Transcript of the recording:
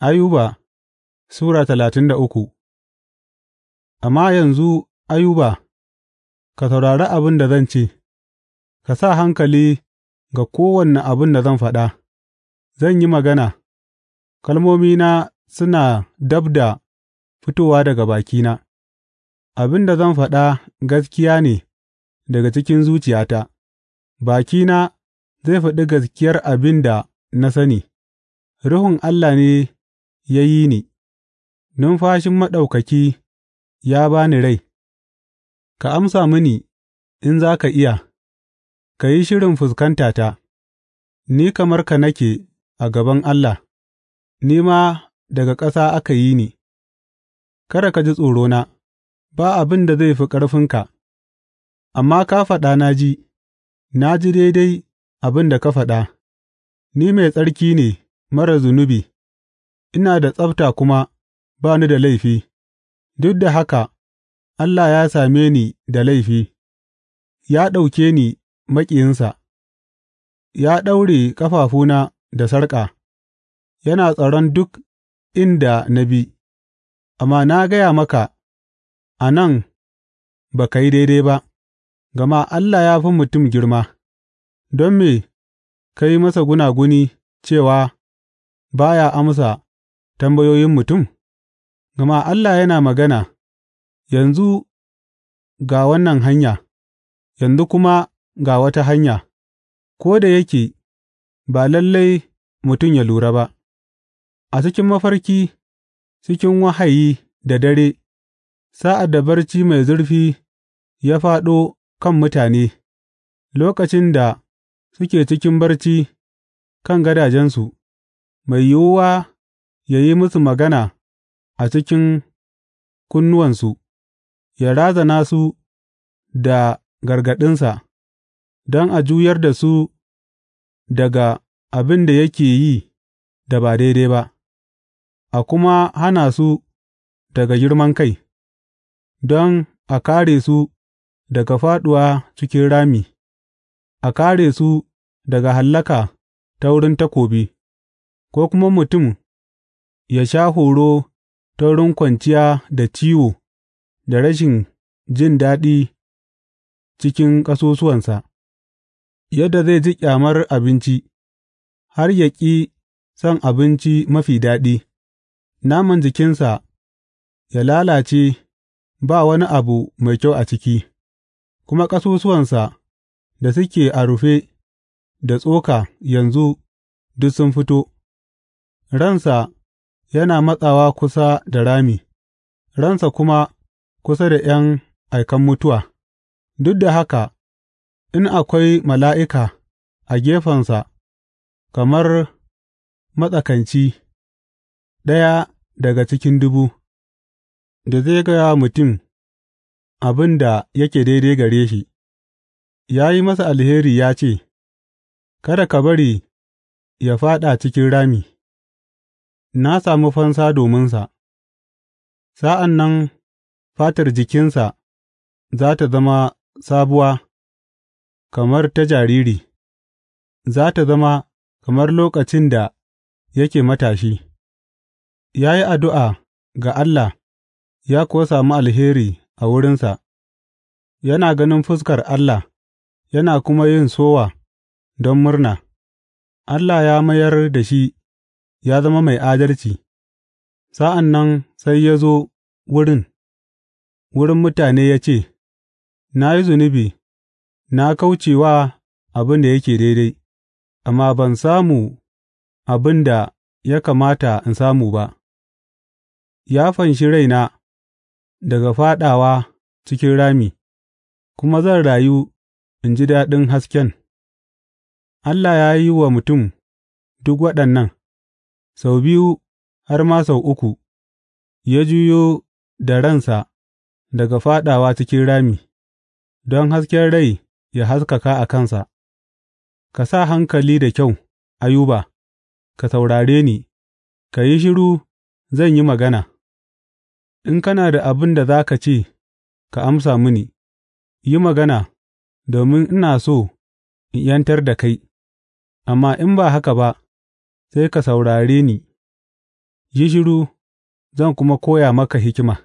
Ayuba Sura talatin da uku Amma yanzu, Ayuba, ka saurari abin da zan ce, ka sa hankali ga kowane abin da zan faɗa; zan yi magana, kalmomina suna dab da fitowa daga bakina, abin da zan faɗa gaskiya ne daga cikin zuciyata, bakina zai faɗi gaskiyar abin da na sani, Ruhun Allah ne. ya yi ni, numfashin Maɗaukaki ya ba ni rai; ka amsa mini in za ka iya, ka yi shirin fuskanta ta ni kamar ka nake a gaban Allah, ni ma daga ƙasa aka yi ni, kada ka ji tsorona, ba abin da zai fi ƙarfinka, amma ka faɗa na ji, na ji daidai abin da ka faɗa, ni mai tsarki ne mara zunubi. ina da tsabta kuma ba ni da laifi, duk da haka Allah ya same ni da laifi, ya ɗauke ni maƙiyinsa, ya ɗaure ƙafafuna da sarƙa, yana tsaron duk inda na bi, amma na gaya maka, a nan ba ka yi daidai ba, gama Allah ya fi mutum girma, don me ka yi masa gunaguni cewa ba ya amsa tambayoyin mutum? Gama Allah yana magana, Yanzu ga wannan hanya, yanzu kuma ga wata hanya, ko da yake ba lallai mutum ya lura ba, a cikin mafarki, cikin wahayi da dare, sa'ad da barci mai zurfi ya fāɗo kan mutane, lokacin da suke cikin barci kan gadajensu, mai yiwuwa yă yi musu magana a cikin kunnuwansu, ya razana su da gargaɗinsa, don a juyar da su daga abin da yake yi da ba daidai ba, a kuma hana su daga girman kai, don a kare su daga fāɗuwa cikin rami, a kare su daga hallaka ta wurin takobi, ko kuma mutum yă sha horo ta wurin kwanciya da ciwo da rashin jin daɗi cikin ƙasusuwansa, yadda zai ji ƙyamar abinci, har yă ƙi son abinci mafi daɗi, naman jikinsa ya lalace ba wani abu mai kyau a ciki, kuma ƙasusuwansa da suke a rufe da tsoka yanzu duk sun fito, ransa yana matsawa kusa da rami, ransa kuma kusa da ’yan aikan mutuwa, duk da haka in akwai mala'ika a gefensa kamar matsakanci, ɗaya daga cikin dubu, da zai gaya mutum abin da yake daidai gare shi, ya yi masa alheri ya ce, Kada ka bari yă fāɗa cikin rami. na sami fansa dominsa, sa'an nan fatar jikinsa za tă zama sabuwa kamar ta jariri, za tă zama kamar lokacin da yake matashi, ya yi addu'a ga Allah ya kuwa sami alheri a wurinsa, yana ganin fuskar Allah yana kuma yin sowa don murna, Allah ya mayar da shi. ya zama mai adalci, sa'an nan sai ya zo wurin, wurin mutane ya ce, Na yi zunubi, na kauce wa abin da yake daidai, amma ban samu abin da ya kamata in samu ba, ya fanshi raina daga fāɗawa cikin rami, kuma zan rayu in ji daɗin hasken. Allah ya yi wa mutum duk waɗannan. sau biyu har ma sau uku, ya juyo da ransa daga fāɗawa cikin rami, don hasken rai ya haskaka a kansa, Ka sa hankali da kyau, Ayuba, ka saurare ni, ka yi shiru zan yi magana, in kana da abin da za ka ce, ka amsa mini, yi magana, domin ina so in ’yantar da kai, amma in ba haka ba. sai ka saurare ni; yi shiru, zan kuma koya maka hikima.